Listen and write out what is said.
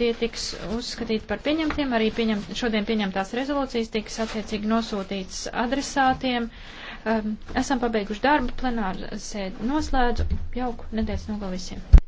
tie tiks uzskatīti par pieņemtiem, arī pieņem, šodien pieņemtās rezolūcijas tiks attiecīgi nosūtītas adresātiem. Um, esam pabeiguši darbu, plenāru sēdi noslēdzu, jauku nedēļas nogal visiem.